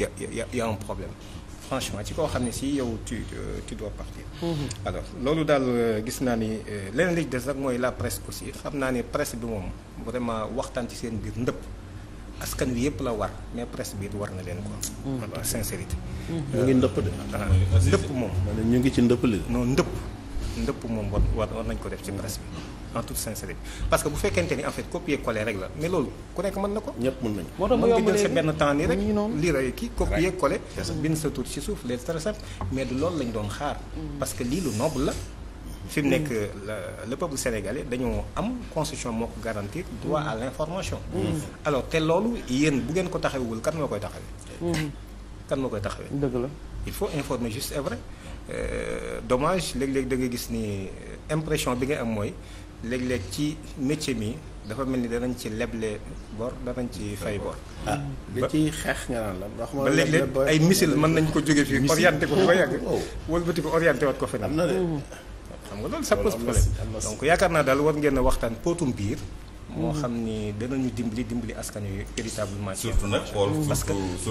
y a y a y a un problème franchement ci koo xam ne si yow tu tu mm-hmm. alors loolu daal euh, gis naa ni euh, leneen li des mooy la presse aussi xam naa ni presse bi moom vraiment waxtaan ci seen biir ndëpp. askan wi yëpp la war mais presse bi war na leen quoi. Mm-hmm. voilà sincérité. Mm-hmm. ngi ndëpp de. Ah, ndëpp moom. ñu ngi ci ndëpp li non ndëpp. ndëpp moom war nañ ko def ci presse bi en toute sincérité parce que bu fekkente ni en fait copier coller rek la mais loolu ku nekk mën na ko. ñëpp mën nañu moo tax mu yomb léegi mën nga jël doon xaar. Mm. parce que lii lu noble la. fi mu mm. nekk le peuple sénégalais dañoo am constitution moo ko garantir droit à l'information. Mm. alors te loolu yéen bu ngeen ko taxawewul kan moo koy taxawee. kan moo koy taxawee. la il faut informer juste et dommage léeg-léeg da nga gis ni euh, impression bi nga am mooy léeg-léeg ci métier mi dafa mel ni danañ ci leble bor danañ ci fay bor. ah li ciy xeex nga naan la. wax ma léeg-léeg ay missile mën nañ ko jóge fii orienté ko fa yàgg. wëlbati ko orienté wat ko feneen. am na de xam nga loolu ça pose problème donc yaakaar naa daal war ngeen a waxtaan pootum biir. Mm-hmm. moo xam ni danañu dimbali dimbali askan wi véritablement. surtout parce que.